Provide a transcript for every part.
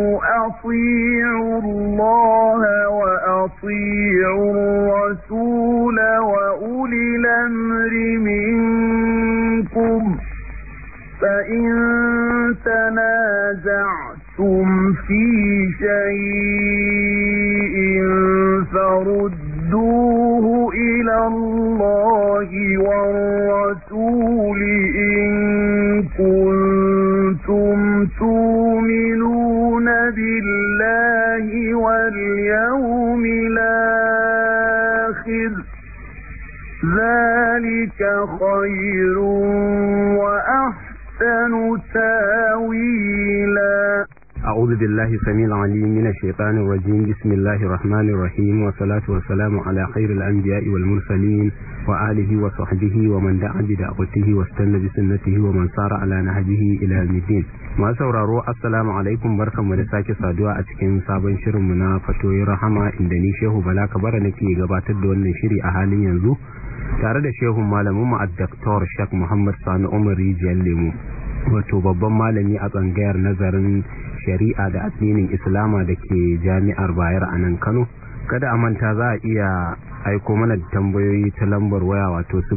أطيعوا الله وأطيعوا الرسول وأولي الأمر منكم فإن تنازعتم في شيء فردوه إلى الله والرسول إن كنتم كنتم تؤمنون بالله واليوم الآخر ذلك خير وأحسن تاويلا أعوذ بالله السميع العليم من الشيطان الرجيم بسم الله الرحمن الرحيم والصلاة والسلام على خير الأنبياء والمرسلين وآله وصحبه ومن دعا بدعوته واستنى بسنته ومن صار على نهجه إلى المدين ما سورارو السلام عليكم بركم da sake saduwa a cikin sabon shirin mu na fatoyin rahama inda ni shehu bala kabara nake gabatar da wannan shiri a halin yanzu tare da shehu malamin mu addaktor shak muhammad sani umar rijiyar lemu wato babban malami a tsangayar nazarin shari'a da addinin islama da ke jami'ar bayar a nan kano kada a manta za a iya aiko mana tambayoyi ta lambar waya wato hudu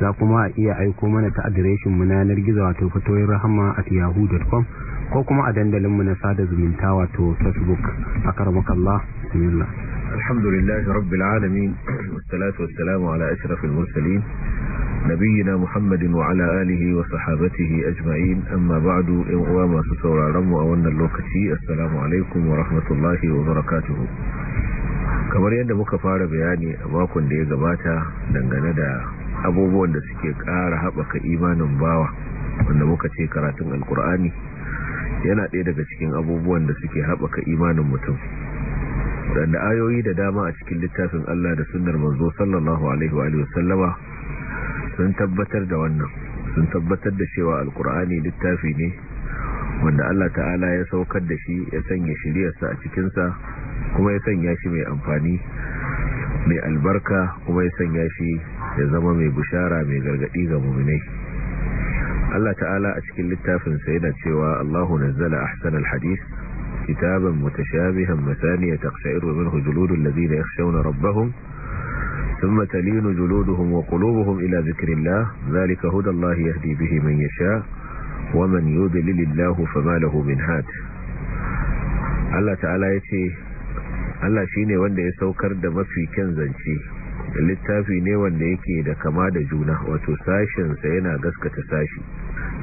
za kuma a iya aiko mana ta adireshin munanar yanar gizo wato fatoyin rahama at yahoo.com ko kuma a dandalin mu na sada zumunta wato facebook a karamakallah bismillah alhamdulillahi rabbil alamin wassalatu wassalamu ala ashrafil mursalin muhammadin wa sahabatihi محمد amma آله وصحابته yan uwa masu إغوام a wannan lokaci اللوكتي السلام wa rahmatullahi wa barakatuhu. kamar yadda muka fara bayani a makon da ya gabata dangane da abubuwan da suke ƙara haɓaka imanin bawa wanda muka ce karatun alkur'ani yana ɗaya daga cikin abubuwan da suke haɓaka imanin mutum waɗanda ayoyi da dama a cikin littafin Allah da sunnar manzo sallallahu alaihi wa sallama sun tabbatar da wannan sun tabbatar da cewa alkur'ani littafi ne wanda Allah ta'ala ya saukar da shi ya sanya shiryarsa a cikinsa kuma ya sanya shi mai amfani mai albarka kuma ya sanya shi ya zama mai bushara mai gargadi ga muminai Allah ta'ala a cikin littafinsa yana cewa Allahu nazzala ahsanal hadith kitaban mutashabihan masaniya taqsha'iru minhu juludul ladina yakhshawna rabbahum ثم تلين جلودهم وقلوبهم إلى ذكر الله ذلك هدى الله يهدي به من يشاء ومن يضلل الله فما له من هاد الله تعالى يتي Allah shi ne wanda ya saukar da mafi kyan zance littafi ne wanda yake da kama da juna wato sashensa yana gaskata sashi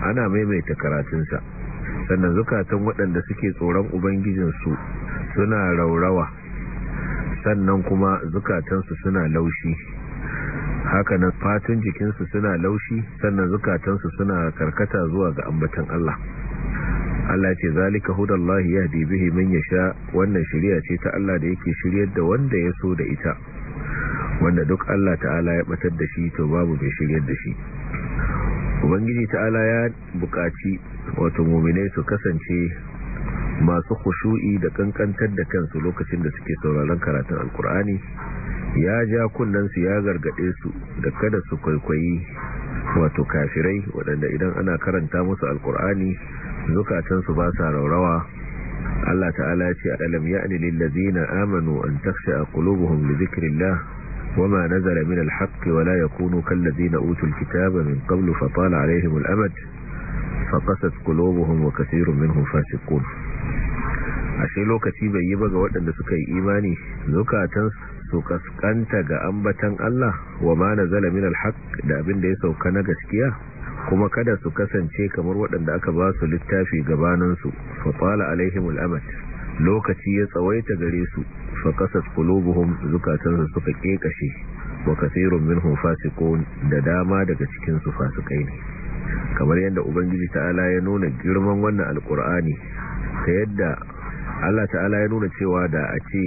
ana maimaita karatunsa sannan zukatun waɗanda suke tsoron ubangijinsu suna raurawa sannan kuma zukatansu suna laushi haka nan fatun jikinsu suna laushi sannan zukatansu suna karkata zuwa ga ambatan Allah Allah ce zalika hudallahi yahdi bihi ya sha, wannan shirya ce ta Allah da yake shiryar da wanda ya so da ita wanda duk Allah ta'ala ya batar da shi to babu mai shiryar da shi ubangiji ta'ala ya bukaci wato mu'minai su kasance masu khushu'i da kankantar da kansu lokacin da suke sauraron karatun alkur'ani ya ja kunnensu ya gargade su da kada su kwaikwayi wato kafirai waɗanda idan ana karanta musu alkur'ani zukatansu ba sa raurawa Allah ta'ala ce alam ya'ni lil ladzina amanu an takhsha qulubuhum li dhikrillah wama nazala min al-haqqi wa la yakunu kal ladzina utul kitaba min qablu fatala alaihim al-amad qasat qulubuhum wa katsirun minhum fasiqun ashe lokaci bai yi ba ga waɗanda suka yi imani zukatan su kaskanta ga ambatan Allah wa ma zala min alhaq da abin da ya sauka na gaskiya kuma kada su kasance kamar waɗanda aka ba su littafi gabanin su fa qala amad lokaci ya tsawaita gare su fa qasat qulubuhum zukatan su suka kekashe wa kaseerun minhum fasiqun da dama daga cikin su fasikai ne kamar yadda ubangiji ta'ala ya nuna girman wannan alkur'ani ta yadda Allah ta'ala ya nuna cewa da a ce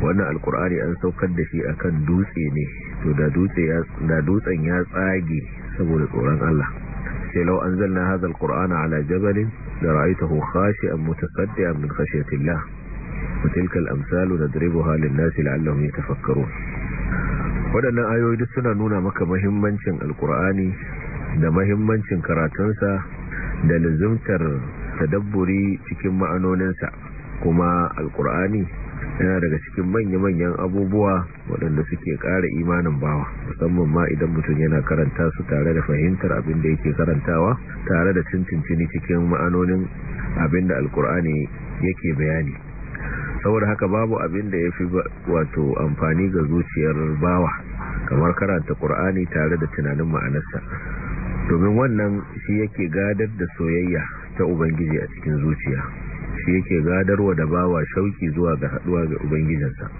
wannan alkur'ani an saukar da shi akan dutse ne to da dutsen ya tsage saboda tsoron Allah sai law anzalna hadha alqur'ana ala jabalin la ra'aitahu khashi'an mutasaddian min khashyatillah wa tilka al-amsal nadribuha lin-nasi la'allahum yatafakkarun wadannan ayoyi duk suna nuna maka muhimmancin alkur'ani da muhimmancin karatunsa da lazimtar tadabburi cikin ma'anoninsa kuma alkur'ani yana daga cikin manya-manyan abubuwa waɗanda suke ƙara imanin bawa musamman ma idan mutum yana karanta su tare da fahimtar abin da yake karantawa tare da cincincini cikin ma'anonin abin da alkur'ani yake bayani saboda haka babu abin da ya fi wato amfani ga zuciyar bawa kamar karanta ƙur'ani tare da tunanin ma'anarsa domin wannan shi yake gadar da soyayya ta ubangiji a cikin zuciya shi yake gadarwa da bawa shauki zuwa ga haduwa ga ubangijinsa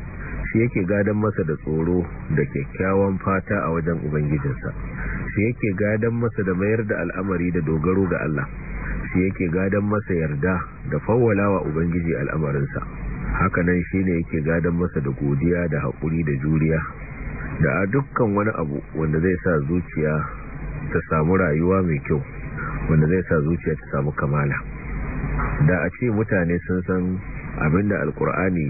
shi yake gadan masa da tsoro da kyakkyawan fata a wajen ubangijinsa shi yake gadan masa da mayar da al'amari da dogaro ga Allah shi yake gadan masa yarda da fawwalawa ubangiji al'amarinsa hakanan shi ne yake gadan masa da godiya da haƙuri da juriya da dukkan wani abu wanda zai sa zuciya ta samu rayuwa mai kyau wanda zai sa zuciya ta samu kamala da a ce mutane sun san abinda alkur'ani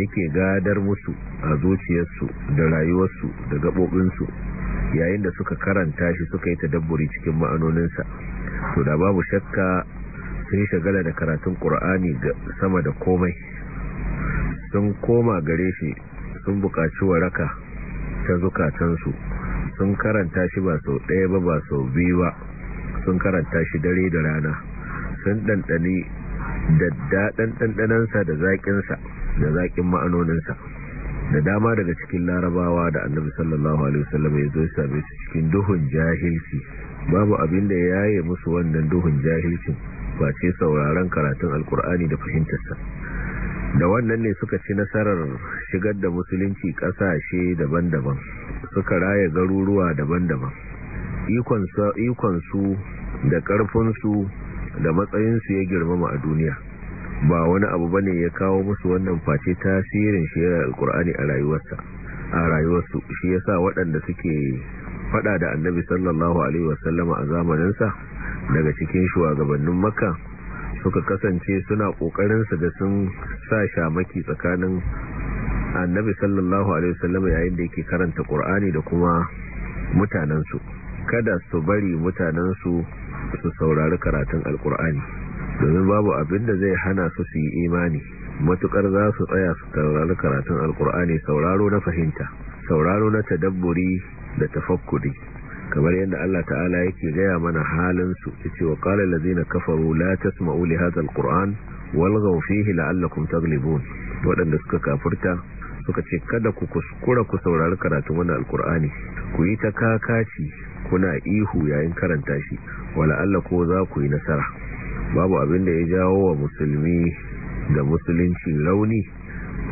yake gadar musu a zuciyarsu da rayuwarsu da gaɓoɓinsu yayin da suka karanta shi suka yi tadabburi cikin ma'anoninsa to da babu shakka sun shagala da karatun ƙur'ani sama da komai sun koma gare shi sun buƙaci waraka ta zukatansu sun karanta shi ba sau ɗaya ba ba sau biyu ba sun karanta shi dare da rana sun ɗanɗani da daɗan ɗanɗanansa da zaƙinsa da zaƙin ma'anoninsa da dama daga cikin larabawa da annabi sallallahu alaihi wasallam ya zo same su cikin duhun jahilci babu abin da ya yi musu wannan duhun jahilcin ba ce sauraron karatun alkur'ani da fahimtarsa da wannan ne suka ci nasarar shigar da musulunci ƙasashe daban-daban suka raya garuruwa daban-daban ikonsu da ƙarfinsu da matsayinsu ya girmama a duniya ba wani abu ba ne ya kawo musu wannan face tasirin shirar alkur'ani a rayuwarsa a rayuwarsu shi ya sa waɗanda suke faɗa da annabi sallallahu alaihi wasallama a zamaninsa daga cikin shugabannin makka suka kasance suna ƙoƙarinsa da sun sa shamaki tsakanin annabi sallallahu alaihi wasallama yayin da yake karanta ƙur'ani da kuma mutanensu kada su bari mutanensu su saurari karatun alkur'ani domin babu abin da zai hana su su yi imani matukar za su tsaya su saurari karatun alkur'ani sauraro na fahimta sauraro na tadabburi da tafakkuri kamar yadda Allah ta'ala yake gaya mana halinsu ya ce wa ƙalar lazina kafaru la tasma'u li hadha alquran walghaw fihi la'allakum taglibun waɗanda suka kafirta suka ce kada ku kuskura ku saurari karatun wannan alkur'ani ku yi ta kakaci kuna ihu yayin karanta shi wala Allah ko za ku yi nasara babu abin da ya jawo wa musulmi da musulunci launi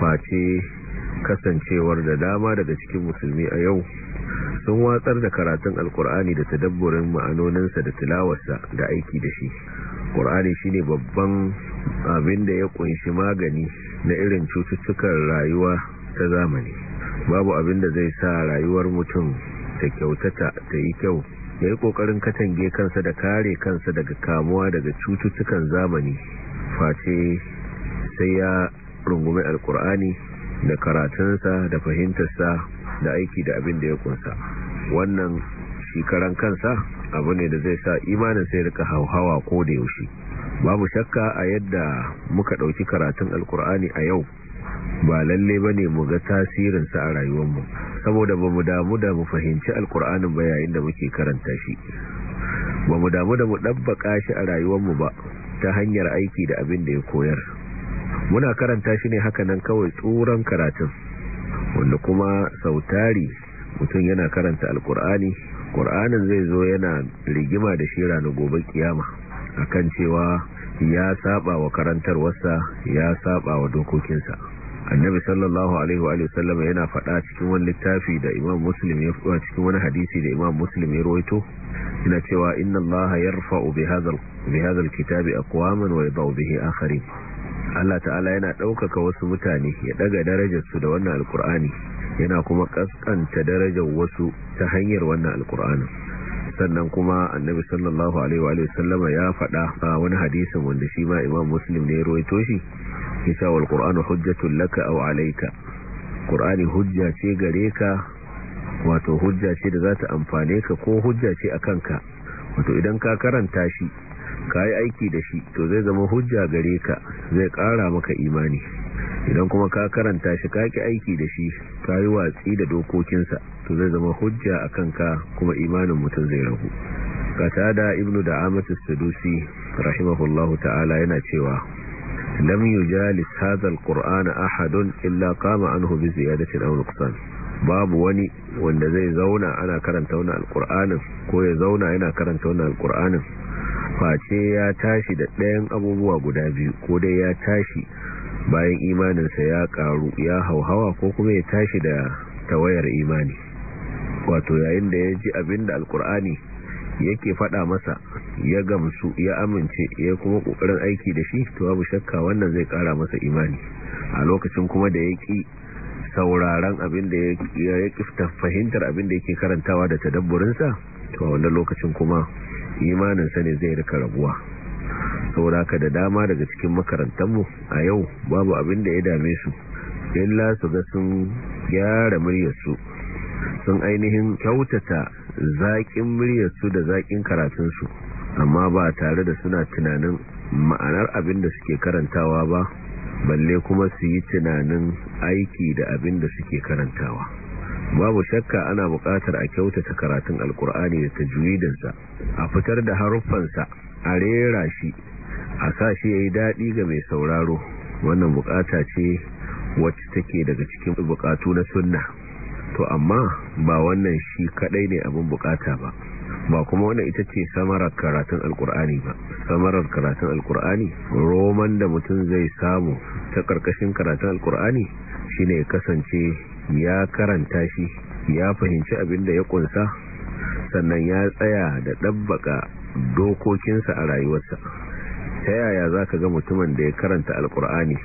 face kasancewar da dama daga cikin musulmi a yau sun watsar da karatun alkur'ani da tadabburin ma'anoninsa da tilawarsa da aiki da shi ƙur'ani shi ne babban abin da ya ƙunshi magani na irin cututtukan rayuwa ta zamani babu abin da zai sa rayuwar mutum ta kyautata ta yi kyau ya yi ƙoƙarin katange kansa da kare kansa daga kamuwa daga cututtukan zamani face sai ya rungume alkur'ani da karatunsa da fahimtarsa da aiki da abin da ya kunsa wannan shekaran kansa abu ne da zai sa imanin sai rika hauhawa ko da yaushe babu shakka a yadda muka ɗauki karatun alkur'ani a yau ba lalle ba ne mu ga tasirinsa a rayuwar mu saboda ba mu damu da mu fahimci alkur'anin ba yayin da muke karanta shi ba mu damu da mu ɗabbaƙa shi a rayuwar mu ba ta hanyar aiki da abin da ya koyar muna karanta shi ne hakanan kawai tsoron karatun wanda kuma sautari mutum yana karanta alkur'ani ƙur'anin zai zo yana rigima da shi ranar gobe kiyama akan cewa ya saba wa karantarwarsa ya saba wa dokokinsa annabi sallallahu alaihi wa sallam yana faɗa cikin wani littafi da imam muslim ya faɗa cikin wani hadisi da imam muslim ya rawaito yana cewa inna allaha yarfa'u bi hadha bi hadha alkitabi aqwaman wa bihi akharin Allah ta'ala yana ɗaukaka wasu mutane ya daga darajarsu da wannan alkur'ani yana kuma kaskanta darajar wasu ta hanyar wannan alkur'ani sannan kuma annabi sallallahu alaihi wa sallama ya faɗa a wani hadisin wanda shi ma imam muslim ne ya rawaito shi kisa wal qur'anu hujjatun laka aw alayka qur'ani hujja ce gare ka wato hujja ce da za ta amfane ka ko hujja ce akan ka wato idan ka karanta shi ka yi aiki da shi to zai zama hujja gare ka zai kara maka imani idan kuma ka karanta shi ka ki aiki da shi ka yi watsi da dokokinsa to zai zama hujja a kanka kuma imanin mutum zai ragu da ibnu da sudusi sadusi rahimahullahu ta'ala yana cewa lam ja hadha alqur'ana ahadun illa qama anhu bi ziyadatin aw nuqsan babu wani wanda zai zauna ana karanta wani alkur'anin ko ya zauna yana karanta wani alkur'anin face ya tashi da ɗayan abubuwa guda biyu ko dai ya tashi bayan imaninsa ya karu ya hauhawa ko kuma ya tashi da tawayar imani wato yayin da ya ji abin da alkur'ani yake fada masa ya gamsu ya amince ya kuma kokarin aiki da shi to babu shakka wannan zai kara masa imani a lokacin kuma da yake sauraron abin da ya fahimtar abin da yake karantawa da sa to a wannan lokacin kuma imaninsa ne zai rika rabuwa ka da dama daga cikin mu a yau babu abin da ya dame su illa su ga sun gyara su sun ainihin kyautata zaƙin muryarsu da zaƙin karatunsu amma ba tare da suna tunanin ma'anar abin da suke karantawa ba balle kuma su yi tunanin aiki da abin da suke karantawa babu shakka ana buƙatar a kyautata karatun alkur'ani da tajwidinsa a fitar da haruffansa a rera shi a sa shi ya yi daɗi ga mai sauraro wannan buƙata ce wacce take daga cikin buƙatu na sunna to amma ba wannan shi kadai ne abin bukata ba ba kuma wannan ita ce samarar karatun alkur'ani ba samarar karatun alkur'ani roman da mutum zai samu ta karkashin karatun alkur'ani shi ne kasance ya karanta shi ya fahimci abin da ya kunsa sannan ya tsaya da ɗabbaƙa dokokinsa a rayuwarsa ta yaya za ka ga mutumin da ya karanta alkur'ani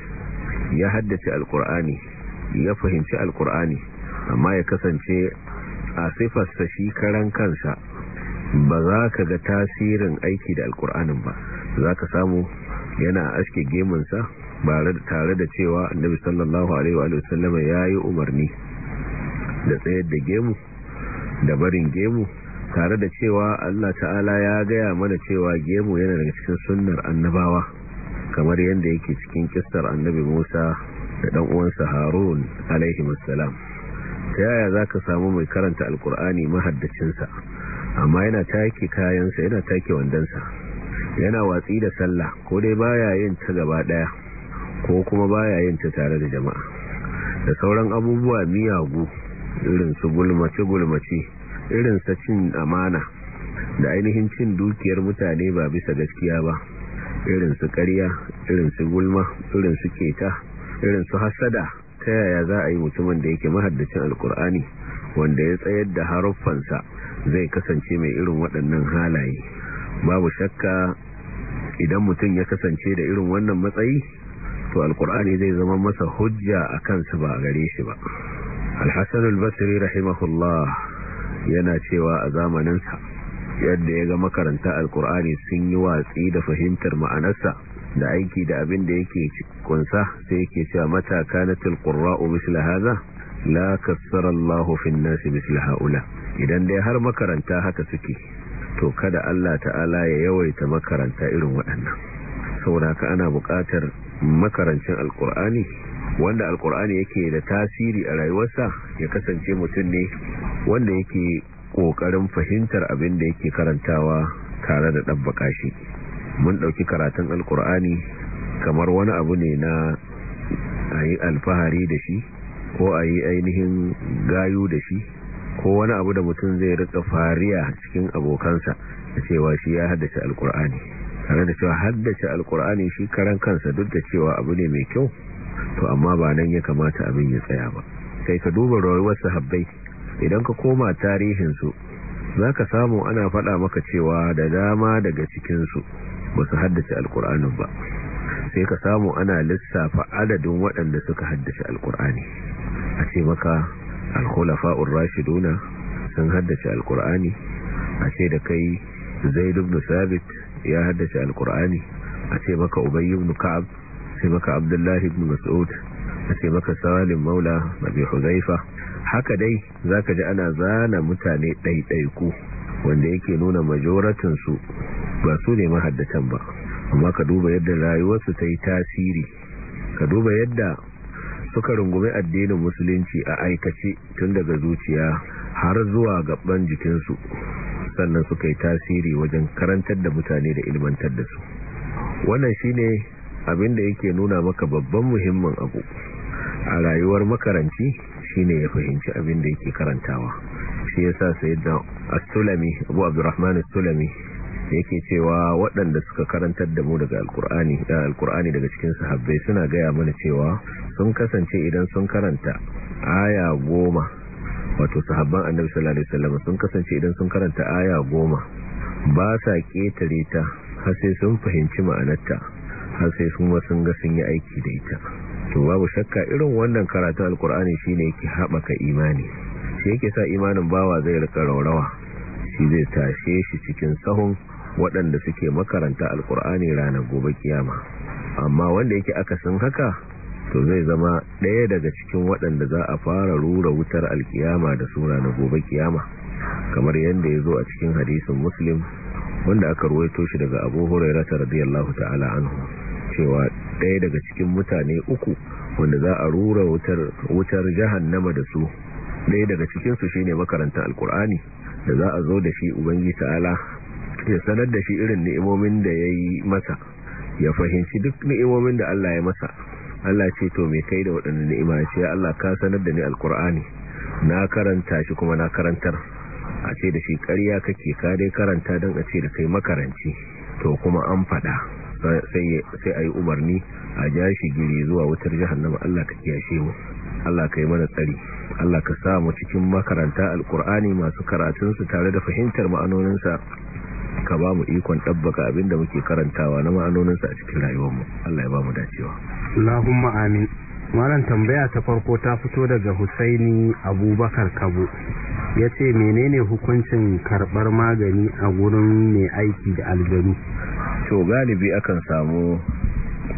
ya haddace alkur'ani ya fahimci alkur'ani amma ya kasance a sifarsa shi karan kansa ba za ka ga tasirin aiki da alkur'anin ba za ka samu yana aske gemunsa tare da cewa annabi sallallahu alaihi wa sallama ya yi umarni da tsayar da gemu da barin gemu tare da cewa Allah ta'ala ya gaya mana cewa gemu yana daga cikin sunnar annabawa kamar yadda yake cikin kistar annabi Musa da dan uwansa Harun alaihi ta yaya za ka samu mai karanta alkur'ani mahaddacinsa amma yana take kayansa yana take wandonsa yana watsi da sallah ko dai baya yin ta gaba daya ko kuma baya yin ta tare da jama'a da sauran abubuwa miyagu irin su gulmace gulmace irin sa cin amana da ainihin cin dukiyar mutane ba bisa gaskiya ba irin su ƙarya irin su gulma irin su keta irin su hasada ta yaya za a yi mutumin da yake mahaddacin alkur'ani wanda ya tsayar da haruffansa zai kasance mai irin waɗannan halaye babu shakka idan mutum ya kasance da irin wannan matsayi to alkur'ani zai zama masa hujja a kansa ba a gare shi ba alhassan albasiri rahimahullah yana cewa a zamaninsa yadda ya ga makaranta alkur'ani sun yi watsi da fahimtar ma'anarsa da aiki da abin da yake kunsa sai yake cewa mata kanatul qurra'u misla hadha la kassara Allahu fin nasi misla haula idan dai har makaranta haka suke to kada Allah ta'ala ya yawaita makaranta irin waɗannan saboda ka ana buƙatar makarancin alƙur'ani wanda alqur'ani yake da tasiri a rayuwarsa ya kasance mutum ne wanda yake ƙoƙarin fahimtar abin da yake karantawa tare da ɗabbaƙa shi mun ɗauki karatun alkur'ani kamar wani abu ne na a yi alfahari da shi ko a yi ainihin gayu da shi ko wani abu da mutum zai rika fariya cikin abokansa da cewa shi ya haddace alkur'ani tare da cewa haddace alkur'ani shi karan kansa duk da cewa abu ne mai kyau to amma ba nan ya kamata abin ya tsaya ba kai ka duba rayuwar sahabbai idan ka koma tarihinsu za ka samu ana faɗa maka cewa da dama daga cikinsu ba su haddace alkur'anin ba sai ka samu ana lissafa adadin waɗanda suka haddace alkur'ani a ce maka alkhulafa'ur rashiduna sun haddace alkur'ani a ce da kai zaid ibn sabit ya haddace alkur'ani a ce maka ubay ibn ka'ab sai maka abdullahi ibn mas'ud a ce maka salim maula nabi huzaifa haka dai zaka ji ana zana mutane ɗaiɗaiku wanda yake nuna majoratinsu ba su ne mahaddatan ba amma ka duba yadda rayuwarsu ta yi tasiri ka duba yadda suka rungume addinin musulunci a aikace tun daga zuciya har zuwa gaban jikinsu sannan suka yi tasiri wajen karantar da mutane da ilmantar da su wannan ne abin da yake nuna maka babban muhimmin abu a rayuwar makaranci ne ya fahimci abin da yake karantawa shi yasa sa sai da abu abdurrahman sulami yake cewa waɗanda suka karantar da mu daga alkur'ani daga cikin sahabbai suna gaya mana cewa sun kasance idan sun karanta aya goma wato sahabban annabi sallallahu alaihi wasallam sun kasance idan sun karanta aya goma ba sa ketare ta har sai sun fahimci ma'anarta har sai sun ma sun ga sun yi aiki da ita to babu shakka irin wannan karatun alkur'ani shine yake haɓaka imani shi yake sa imanin bawa zai rika raurawa shi zai tashe shi cikin sahun waɗanda suke makaranta alkur'ani rana gobe kiyama amma wanda yake akasin haka to zai zama ɗaya daga cikin waɗanda za a fara rura wutar alkiyama da su ranar gobe kiyama kamar yadda ya zo a cikin hadisin muslim wanda aka ruwaito shi daga abu hurairata radiyallahu ta'ala anhu cewa ɗaya daga cikin mutane uku wanda za a rura wutar jahannama da su ɗaya daga cikinsu shi ne makarantar alkur'ani da za a zo da shi ubangi ta'ala ya sanar da shi irin ni'imomin da ya yi masa ya fahimci duk ni'imomin da Allah ya masa Allah ce to me kai da waɗannan ni'ima ce Allah ka sanar da ni alkur'ani na karanta shi kuma na karantar a ce da shi ƙarya kake ka dai karanta don a ce da kai makaranci to kuma an faɗa sai a yi umarni a ja shi gire zuwa wutar jihannama Allah ka kiyashe mu Allah ka yi mana tsari Allah ka sa mu cikin makaranta alkur'ani masu karatunsu tare da fahimtar ma'anoninsa ka ba mu ikon ɗabbaka abinda muke karantawa na ma'anoninsa a cikin rayuwarmu Allah ya ba mu dacewa Allahumma amin malam tambaya ta farko ta fito daga Husaini Abubakar Kabo ce menene hukuncin karɓar magani a gurin mai aiki da aljanu to galibi akan samu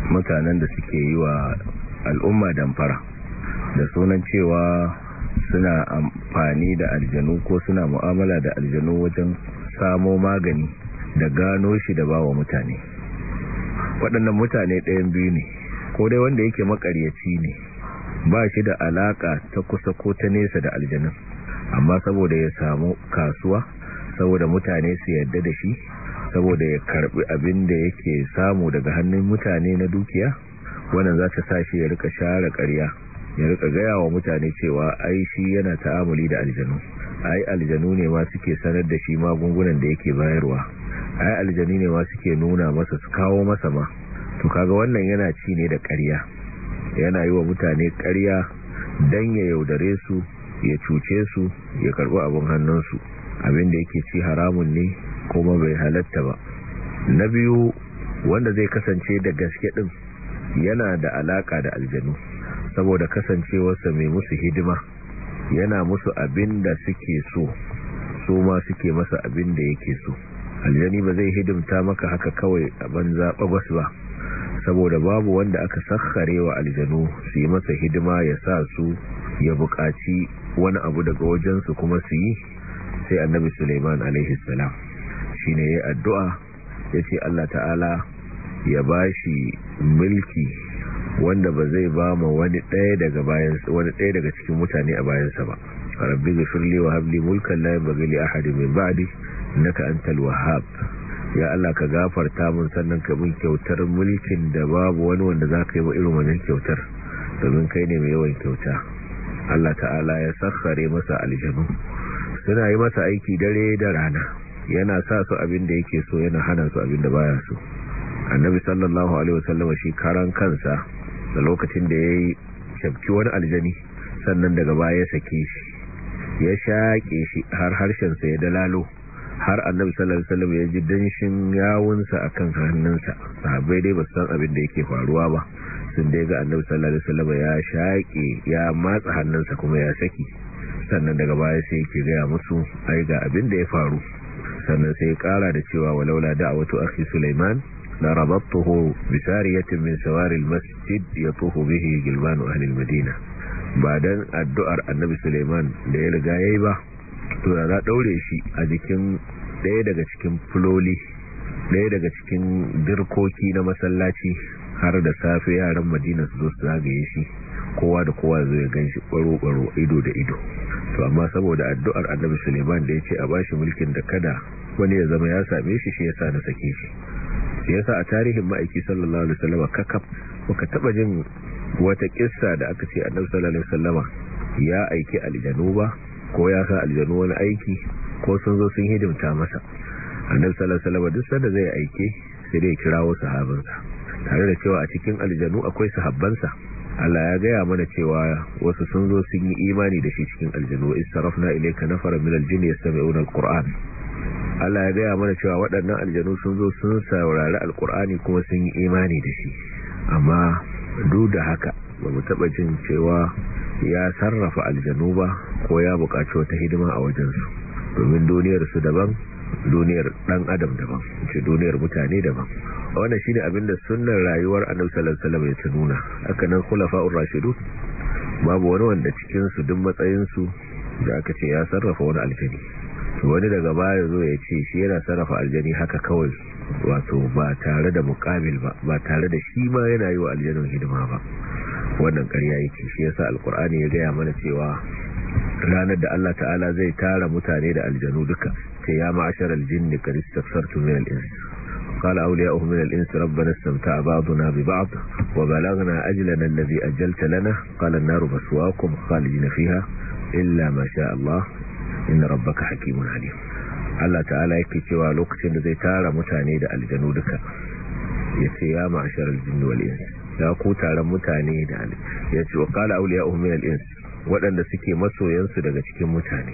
mutanen da suke yi wa al'umma damfara da sunan cewa suna amfani da aljanu ko suna mu'amala da aljanu wajen samo magani da gano shi da bawa mutane waɗannan mutane ɗayan biyu ne ko dai wanda yake makaryaci ne ba shi da alaka ta kusa ko ta nesa da aljanun amma saboda ya samu kasuwa saboda mutane su yadda da shi saboda ya karbi abin da yake samu daga hannun mutane na dukiya wannan za ta sa shi ya rika share ƙarya ya rika gaya wa mutane cewa ai shi yana ta'amuli da aljanu ai aljanu ne ma suke sanar da shi magungunan da yake bayarwa ai aljanu ne ma suke nuna masa su kawo masa ma to kaga wannan yana ci ne da ƙarya yana yi wa mutane ƙarya don ya yaudare su ya cuce su ya karɓi abin hannunsu abin da yake ci haramun ne kuma bai halatta ba na biyu wanda zai kasance da gaske ɗin yana da alaƙa da aljanu saboda kasancewarsa mai musu hidima yana musu abin da suke so su ma suke masa abin da yake so aljani ba zai hidimta maka haka kawai a zaɓa wasu ba saboda babu wanda aka wa aljanu su yi masa hidima ya sa su ya buƙaci wani abu daga wajensu kuma su yi sai annabi suleiman alaihi shi ne ya addu'a ya ce allah ta'ala ya ba shi milki wanda ba zai ba ma wani ɗaya daga bayan wani ɗaya daga cikin mutane a bayansa ba rabbi ghfirli wa habli mulkan la yabghi li ahadin min ba'di innaka antal wahhab ya Allah ka gafarta mun sannan ka bin kyautar mulkin da babu wani wanda zaka yi wa irin wannan kyautar domin kai ne mai yawan kyauta Allah ta'ala ya sakhare masa aljanu suna yi masa aiki dare da rana yana sa su abin da yake so yana hana su abin da baya so annabi sallallahu alaihi wasallam shi karan kansa da lokacin da ya yi shabki wani aljani sannan daga baya sake shi ya shaƙe shi har harshensa ya dalalo har annabi sallallahu alaihi wasallam ya ji danshin yawunsa akan hannunsa sahabbai dai ba su san abin da yake faruwa ba sun dai ga annabi sallallahu alaihi wasallam ya shaƙe ya matsa hannunsa kuma ya saki sannan daga baya sai yake ga musu ai ga abin da ya faru sannan sai ya kara da cewa walaula da'watu akhi Sulaiman bisari ya masjid لربطته بسارية من سوار المسجد يطوف به جلبان أهل المدينة بعدين الدؤر النبي سليمان ليلة غايبة تنادا shi a jikin daya daga cikin fuloli ɗaya daga cikin dirkoki na masallaci har da safe yaran madina su zo su zagaye shi kowa da kowa ya gan shi ɓaro ido da ido to amma saboda addu'ar annabi suleiman da ya ce a bashi mulkin da kada wani ya zama ya same shi shi ya sa na sake shi yasa a tarihin ma'aiki sallallahu alaihi wasallama kakaf baka taba jin wata kissa da aka ce annabi sallallahu alaihi wasallama ya aiki aljanu ba ko ya sa aljanu wani aiki ko sun zo sun hidimta masa annabi sallallahu alaihi wasallama duk sanda zai aike sai dai kirawo sahabbansa tare da cewa a cikin aljanu akwai sahabbansa Allah ya gaya mana cewa wasu sun zo sun yi imani da shi cikin aljanu israfna ilayka nafara min aljin yastami'una alquran Allah ya gaya mana cewa waɗannan aljanu sun zo sun saurari alkur'ani kuma sun yi imani da shi amma duk da haka ba mu taɓa jin cewa ya sarrafa aljanu ba ko ya buƙaci wata hidima a wajensu domin duniyarsu daban duniyar ɗan adam daban ce duniyar mutane daban wannan shine abinda sunan rayuwar annabi sallallahu alaihi wasallam ya ta nuna hakanan khulafa'ur rashidu babu wani wanda cikinsu duk matsayin su da aka ce ya sarrafa wani aljani wani daga baya zo ya ce shi yana sarrafa aljani haka kawai wato ba tare da mukabil ba ba tare da shi ma yana yi wa aljanin hidima ba wannan ƙarya yake shi yasa alkur'ani ya gaya mana cewa ranar da Allah ta'ala zai tara mutane da aljanu duka ce ya ma'ashar aljinni qad istaghfartu min al-ins qala awliya'uhum min al-ins rabbana istamta'a ba'duna bi ba'd wa balaghna ajlana alladhi ajjalta lana qala an-naru maswaakum khalidina fiha illa ma sha Allah inna rabbaka hakimun alim Allah ta'ala yake cewa lokacin da zai tara mutane da aljanu duka yace ya ma'ashar aljin wal ins ya ku taron mutane da ya yace wa qala awliya'uhum min al ins waɗanda suke masoyansu daga cikin mutane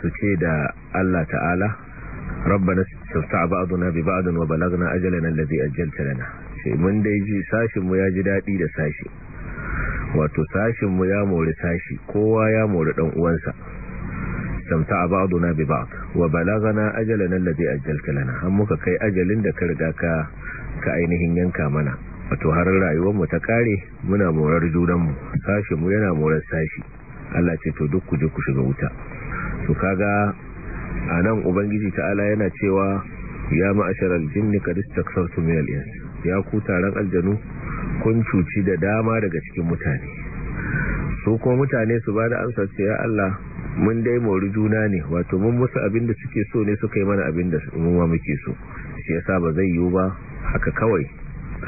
su ce da Allah ta'ala rabbana sassa ba'duna bi ba'din wa balagna ajalana allazi ajjalta lana sai mun dai ji sashin ya ji dadi da sashi wato sashin mu ya mori sashi kowa ya mori ɗan uwansa istamta ba'duna bi ba'd wa balagana ajalana alladhi ajjalta lana har muka kai ajalin da ka riga ka ka ainihin yanka mana wato har rayuwar mu ta kare muna morar junan mu sashi mu yana morar sashi Allah ce to duk ku je ku shiga wuta to kaga anan ubangiji ta'ala yana cewa ya ma'asharal jinni qad istakthartum min al-ins ya ku taron aljanu kun cuci da dama daga cikin mutane su kuma mutane su ba da amsar ya Allah mun dai mori juna ne wato mun musu abin da suke so ne suka yi mana abin da mun muke so shi yasa ba zai yiwu ba haka kawai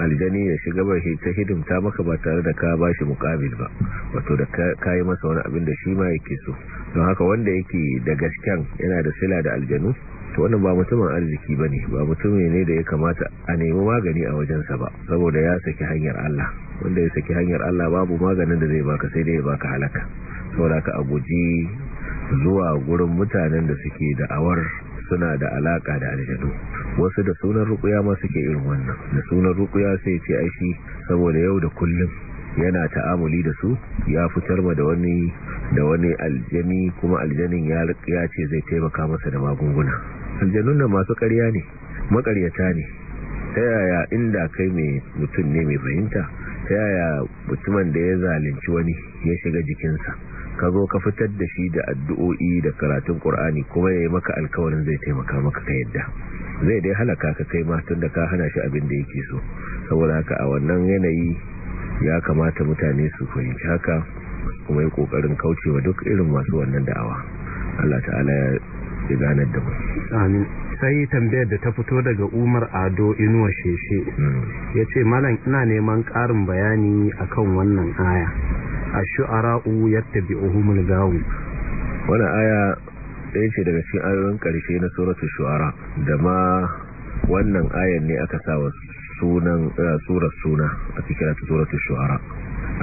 aljani ya shiga ba shi ta hidimta maka ba tare da ka bashi mukabil ba wato da ka yi masa wani abin da shi ma yake so don haka wanda yake da gasken yana da sila da aljanu to wannan ba mutumin arziki ba ne ba mutumin ne da ya kamata a nemi magani a wajensa ba saboda ya saki hanyar Allah wanda ya saki hanyar Allah babu maganin da zai baka sai dai ya baka halaka saboda ka a guji zuwa gurin mutanen da suke da'awar suna da alaka da aljanu wasu da sunan rukuya ma suke irin wannan da sunan rukuya sai ce aishi saboda yau da kullum yana ta'amuli da su ya fitar ma da wani da wani aljani kuma aljanin ya ya ce zai taimaka masa da magunguna aljanun nan masu ƙarya ne maƙaryata ne ta yaya inda kai mai mutum ne mai fahimta ta yaya mutumin da ya zalunci wani ya shiga jikinsa ka zo ka fitar da shi da addu'o'i da karatun ƙur'ani kuma ya yi maka alkawarin zai taimaka maka ka yadda zai dai halaka ka kai ma da ka hana shi abin da yake so saboda haka a wannan yanayi ya kamata mutane su fahimci haka kuma yi kauce wa duk irin masu wannan da'awa Allah ta'ala ya ganar da mu sai tambayar da ta fito daga umar ado inuwa sheshe hmm. ya ce malam ina neman ƙarin bayani akan wannan aya a shu'ara'u yadda bi ohumul gawun wani aya ɗaya ce daga cikin ayoyin ƙarshe na suratu shu'ara da ma wannan ayan ne aka sa wa sunan eh, surar suna a cikin suratu shu'ara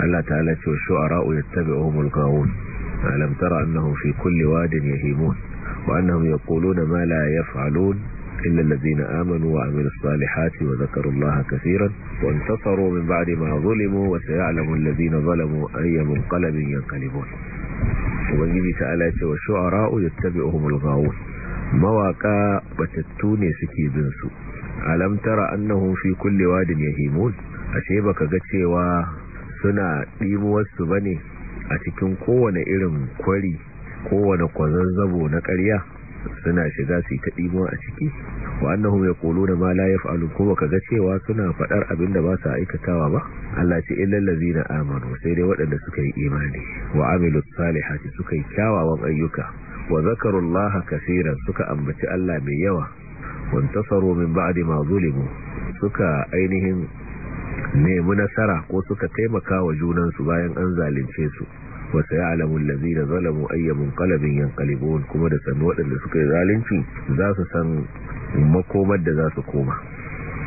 Allah ta ce wa shu'ara'u yadda bi ohumul gawun alam tara annahu fi kulli wadin yahimun wa annahum yaquluna ma la yaf'alun illa allazina amanu wa amilus salihati wa zakarullaha kaseeran wa intasaru min ba'di ma zulimu wa sayalamu allazina zalamu ayyamun qalbin yanqalibun ubangiji ta'ala ce wa shu'ara'u yattabi'uhumul ghawun mawaka batattu ne suke bin su alam tara annahum fi kulli wadin yahimun ashe baka ga cewa suna dimuwar su bane a cikin kowane irin kwari kowane kwazazzabo na ƙarya suna shiga su ta a ciki wa annahum yaquluna ma la yaf'alun kuma kaga cewa suna faɗar abin da ba su aikatawa ba Allah ce illal ladzina amanu sai dai waɗanda suka yi imani wa amilu salihati suka yi kyawawan ayyuka wa Laha kaseeran suka ambaci Allah mai yawa wa intasaru min ba'di ma zulimu suka ainihin nemi nasara ko suka taimaka wa junansu bayan an zalunce su alamun sayalamu da zalamu ayyamun kalabin yanqalibun kuma da sannu waɗanda suka yi zalunci za su san makomar da za su koma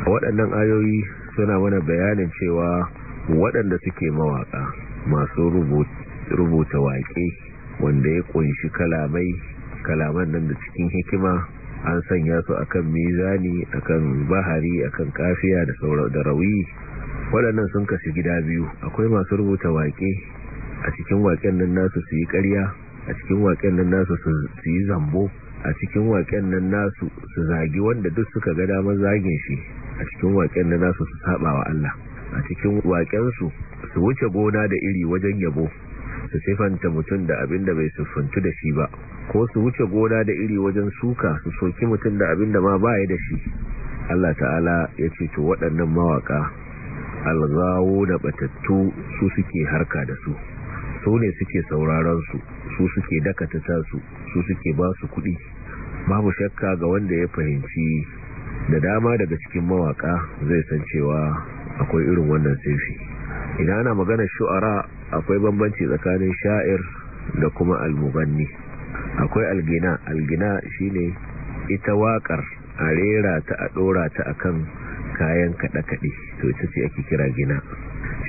waɗannan ayoyi suna mana bayanin cewa waɗanda suke mawaƙa masu rubuta waƙe wanda ya ƙunshi kalamai kalaman nan da cikin hikima an sanya su akan mizani akan bahari akan kafiya da da rawi waɗannan sun kashi gida biyu akwai masu rubuta waƙe a cikin waken nan nasu su yi ƙarya a cikin waken nan nasu su yi zambo a cikin waken nan nasu su zagi wanda duk suka ga damar zagin shi a cikin waken nan nasu su saba wa Allah a cikin wakensu su wuce gona da iri wajen yabo su sifanta mutum da abin da bai siffantu da shi ba ko su wuce gona da iri wajen suka su soki mutum da abin da ma baya da shi Allah ta'ala ya ce to waɗannan mawaƙa algawo da batattu su suke harka da su su ne suke sauraron su su suke dakata ta su su suke ba su kuɗi babu shakka ga wanda ya fahimci da dama daga cikin mawaka zai san cewa akwai irin wannan sifi idan ana magana shu'ara akwai bambanci tsakanin sha'ir da kuma almubanni akwai algina algina shine ita waƙar a rera ta a ɗora ta akan kayan kaɗe-kaɗe to ita ce ake kira gina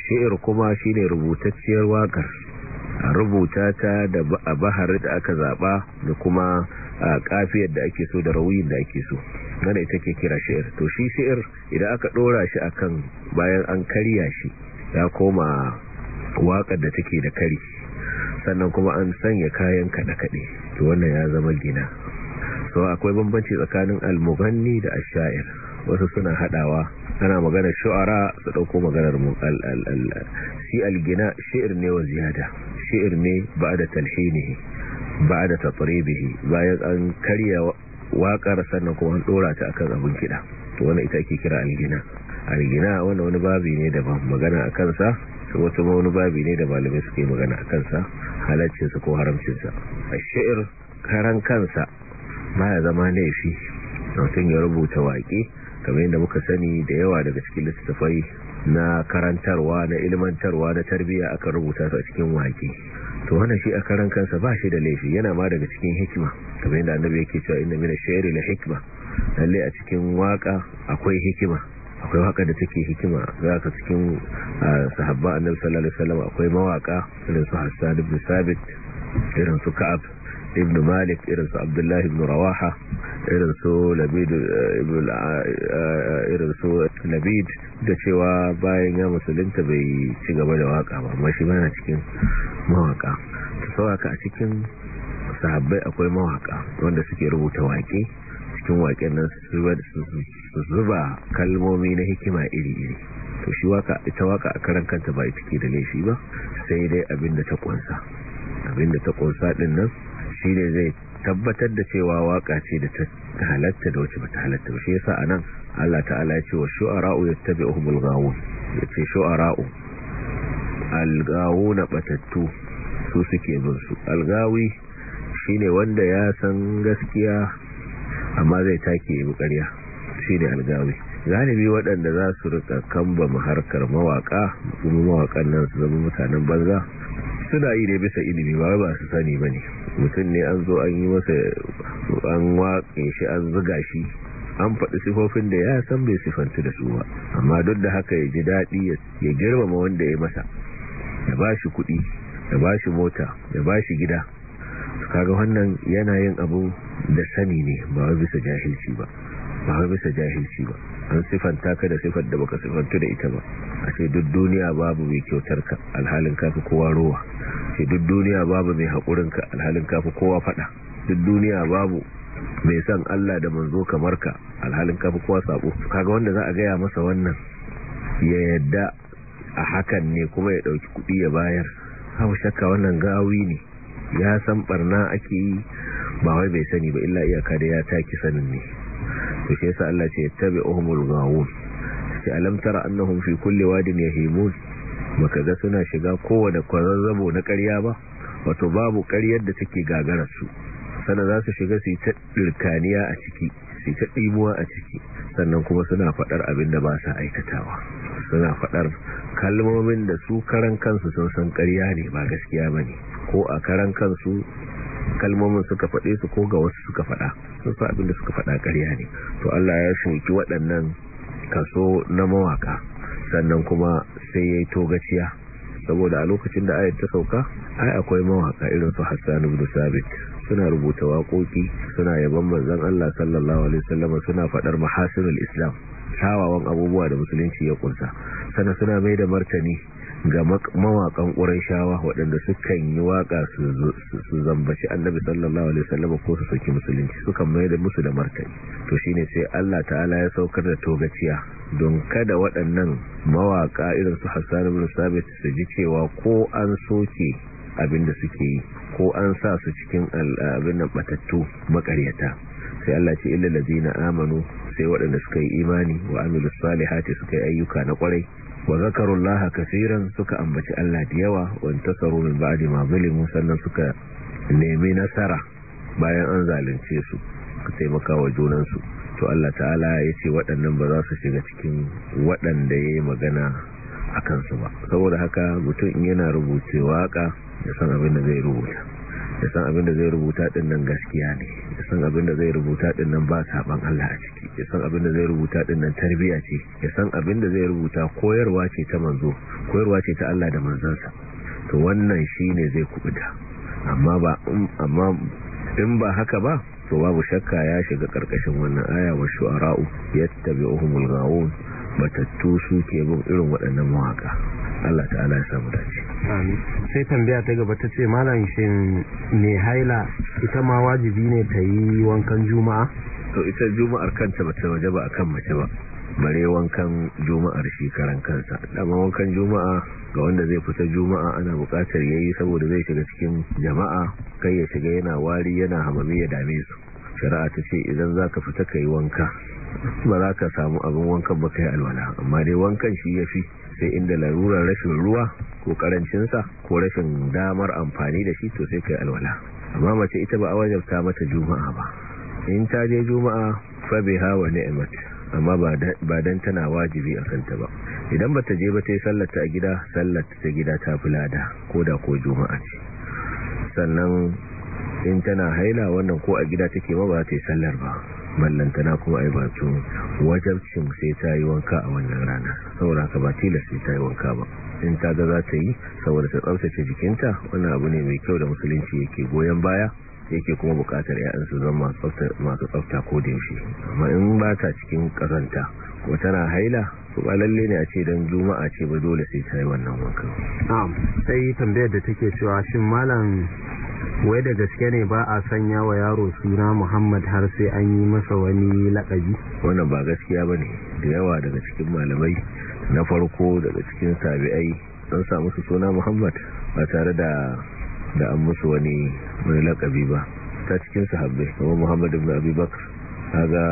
shi'ir kuma shine rubutacciyar waƙar a rubuta ta da a bahar da aka zaba da kuma kafiyar da ake so da rawuyin da ake so gane ita ke kira shi'ir to shi shi'ir idan aka dora shi akan bayan an karya shi ya koma wakar da take da kari sannan kuma an sanya kayan kaɗe-kaɗe to wannan ya zama gina so akwai bambanci tsakanin almubanni da ashayar. wasu suna hadawa ana magana shu'ara su dauko maganar mu shi algina shi'ir ne wa ziyada shi'ir ne ba'da talhinihi ba'da tatribihi bayan an karya waƙar sannan kuma an dora ta akan abun kida to wannan ita ake kira algina algina wannan wani babi ne da magana akan sa wata wani babi ne da malamai suke magana a kansa su ko haramcinsa a shi'ir karan kansa ma ya zama laifi mutum ya rubuta waƙe kamar yadda muka sani da yawa daga cikin littattafai na karantarwa na ilmantarwa na tarbiyya aka rubuta su a cikin waƙe to wannan shi a karan kansa ba shi da laifi yana ma daga cikin hikima kamar yadda annabi yake cewa inna min ash-shi'ri la hikma lalle a cikin waka akwai hikima akwai waka da take hikima za ka cikin sahabba annabi sallallahu alaihi wasallam akwai mawaka irin su Hassan ibn Sabit irin su Ka'ab ibn Malik irin su Abdullah ibn Rawaha Eh, eh, irin su labid da cewa bayan ya musulunta bai ci gaba da waka ba amma shi bana cikin mawaka ta sauraka a cikin sahabbai akwai mawaka wanda suke rubuta waƙe cikin waƙen nan su zuba kalmomi na hikima iri-iri to shi waka ita waka a karan kanta ba ita da laifi ba sai dai abinda ta kunsa abinda ta kunsa din nan shi ne zai tabbatar da cewa waka ce da ta halatta da wacce ba ta halatta ba shi yasa anan Allah ta'ala ya ce wa shu'ara'u yattabi'uhumul ghawun yace shu'ara'u al-ghawuna batattu su suke bin su al-ghawi shine wanda ya san gaskiya amma zai take yi ƙarya shine al-ghawi galibi waɗanda za su rika kamba harkar mawaƙa kuma mawakan nan su zama mutanen banza suna yi ne bisa ilimi ba ba su sani bane mutum ne an zo an yi masa an waƙin shi an zuga shi an faɗi sifofin da ya san bai sifanci da su ba amma duk da haka ya ji daɗi ya girmama wanda ya masa ya ba shi kuɗi ya ba shi mota ya ba shi gida kaga wannan yana yin abu da sani ne ba wa bisa jahilci ba ba wa bisa jahilci ba an sifanta ka da sifar da baka sifantu da ita ba a ce duk duniya babu mai kyautar ka alhalin kafi kowa rowa kai duk duniya babu mai haƙurin ka alhalin kafa kowa faɗa duk duniya babu mai san Allah da manzo kamar ka alhalin kafi kowa sabo kaga wanda za a gaya masa wannan ya yadda a hakan ne kuma ya ɗauki kuɗi ya bayar haɓu shakka wannan gawi ne ya san ɓarna ake yi ba wai bai sani ba illa iyaka da ya taki sanin ne to shi yasa Allah ce tabi'uhumul gawun sai alam tara annahum fi kulli wadin yahimun baka ga suna shiga kowane kwararrabo na karya ba wato babu karyar da take gagarar su sannan za su shiga su yi ta ɗirkaniya a ciki su yi ta ɗimuwa a ciki sannan kuma suna faɗar abin da ba sa aikatawa suna faɗar kalmomin da su karan kansu sun san ƙarya ne ba gaskiya ba ne ko a karan kansu kalmomin suka faɗe su ko ga wasu suka faɗa sun sa abin da suka faɗa ƙarya ne to Allah ya soki waɗannan kaso na mawaka sannan kuma sai ya yi togaciya saboda a lokacin da ayyar ta sauka ai akwai mawaka irin su hassan ibn sabit suna rubuta waƙoƙi suna yaban manzon Allah sallallahu alaihi wasallam suna faɗar mahasinul islam tawawan abubuwa da musulunci ya kunsa sannan suna mai da martani ga mawakan shawa waɗanda sukan yi waƙa su zambaci annabi sallallahu alaihi wasallam ko su soki musulunci sukan mai da musu da martani to shine sai Allah ta'ala ya saukar da togaciya don kada waɗannan mawaƙa irin su hassan ibn sabit su ji cewa ko an soke abin da suke yi ko an sa su cikin abin nan batattu makaryata sai Allah ce illal ladina amanu sai waɗanda suka yi imani wa amilu salihati suka yi ayyuka na ƙwarai, wa zakarullaha kasiran suka ambaci Allah da yawa wa tasaru min ba'di ma zulimu sannan suka nemi nasara bayan an zalunce su ka taimaka wa junansu to Allah ta'ala ya ce waɗannan ba za su shiga cikin waɗanda ya yi magana a kansu ba saboda haka mutum in yana rubuce waƙa. da san abin da zai rubuta da san abin da zai rubuta ɗin nan gaskiya ne da san abin da zai rubuta ɗin nan ba Allah a ciki da san abin da zai rubuta ɗin nan tarbiya ce da san abin da zai rubuta koyarwa ce ta manzo koyarwa ce ta Allah da manzansa to wannan shi ne zai kubuta amma ba in ba haka ba to babu shakka ya shiga karkashin wannan aya wa shu'ara'u yattabi'uhumul ghawun batattu suke bin irin waɗannan mawaka Allah ta'ala ya samu dace amin sai tambaya ta gaba ta ce malam shin me haila ita ma wajibi ne ta yi wankan juma'a to ita juma'ar kanta bata waje ba akan mace ba bare wankan juma'ar shi karan kansa dama wankan juma'a ga wanda zai fita juma'a ana bukatar yayi saboda zai shiga cikin jama'a kai ya shiga yana wari yana hamami ya dame su shari'a ta ce idan zaka fita kai wanka ba za ka samu abin wankan ba kai alwala amma dai wankan shi ya fi sai inda larurar rashin ruwa ko karancinsa ko rashin damar amfani da shi to sai kai alwala amma mace ita ba a wajabta mata juma'a ba in ta je juma'a fa biha wa ni'mat amma ba dan tana wajibi a kanta ba idan ba ta je ba ta yi sallata a gida sallata ta gida ta fi lada ko da ko juma'a ce sannan in tana haila wannan ko a gida take ba ba ta yi sallar ba na kuma ai ba cin wajabcin sai ta yi wanka a wannan rana saboda ka ba tilas sai ta yi wanka ba in ta ga za ta yi saboda ta tsaftace jikinta wannan abu ne mai kyau da musulunci yake goyon baya yake kuma bukatar ya'yan su zama masu tsafta ko da yaushe amma in ba ta cikin karanta ko tana haila su ba lalle ne a ce don juma'a ce ba dole sai ta yi wannan wanka sai tambayar da take cewa shin malam wai da gaske ne ba a sanya wa yaro suna muhammad har sai an yi masa wani lakabi wannan ba gaskiya ba ne da yawa daga cikin malamai na farko daga cikin sabi'ai don samu su suna muhammad ba tare da da an musu wani wani lakabi ba ta cikin sahabbai Kuma Muhammadu ibn abi bakr ga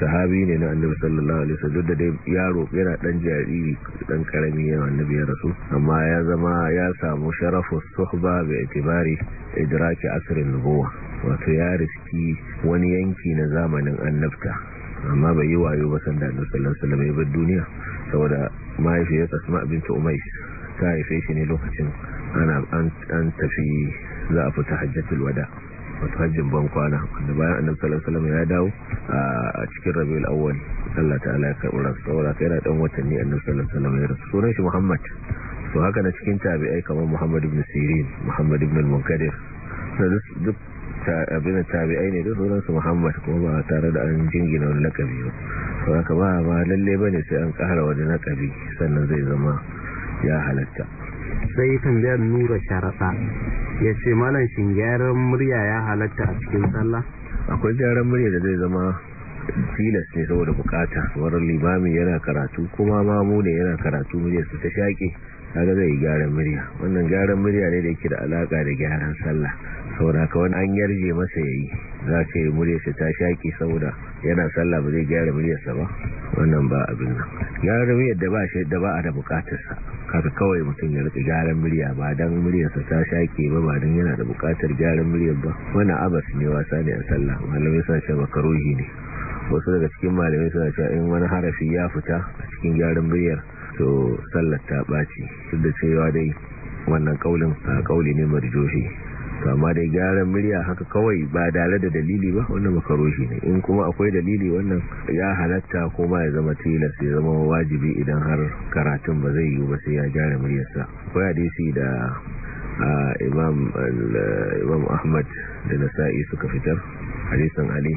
sahabi ne na annabi sallallahu alaihi wasallam da dai yaro yana dan jariri dan karami ya annabi ya rasu amma ya zama ya samu sharafu suhba bi itibari idraki asrin nubuwa wato ya riski wani yanki na zamanin annabta amma bai yi wayo ba sanda annabi sallallahu alaihi wasallam ya bar duniya saboda mahaifiyarsa asma binti ta haife shi ne lokacin ana an tafi za a fita hajjatul wada wato hajjin ban kwana wanda bayan annabi sallallahu alaihi wasallam ya dawo a cikin rabiul awwal Allah ta'ala ya karɓi rasu saboda kai na dan watanni annabi sallallahu alaihi wasallam ya rasu sunan shi Muhammad to haka na cikin tabi'ai kamar Muhammad ibn Sirin Muhammad ibn al-Munkadir duk abin tabi'ai ne duk sauransu Muhammad kuma ba tare da an jingina wani lakabi ba saboda ba ba lalle bane sai an ƙara wani lakabi sannan zai zama ya halatta sai tambayar nura sharaɗa ya ce malam shi gyaran murya ya halatta a cikin sallah akwai gyaran murya da zai zama tilas ne saboda bukata wani limami yana karatu kuma mamu ne yana karatu su ta shaƙe kaga zai yi gyaran murya wannan gyaran murya ne da yake da alaƙa da gyaran sallah saboda wani an yarje masa ya yi za ka yi muryarsa ta shaki saboda yana sallah ba zai gyara muryarsa ba wannan ba abin nan gyara muryar da ba shi da ba a da bukatarsa kaka kawai mutum ya rika gyaran murya ba dan muryarsa ta shaki ba ba don yana da bukatar gyaran muryar ba wani abas ne wasa ne a sallah malamai sa ce makaruhi ne wasu daga cikin malamai suna cewa in wani harafi ya fita a cikin gyaran muryar to sallar ta ɓaci duk da cewa dai wannan kaulin a kauli ne marjohi kama dai gyaran murya haka kawai ba dare da dalili ba wannan makaroshi ne in kuma akwai dalili wannan ya halatta ko ba ya zama tilas ya zama wajibi idan har karatun ba zai yiwu ba sai ya gyara muryarsa akwai hadisi da imam imam ahmad da nasa'i suka fitar hadisan ali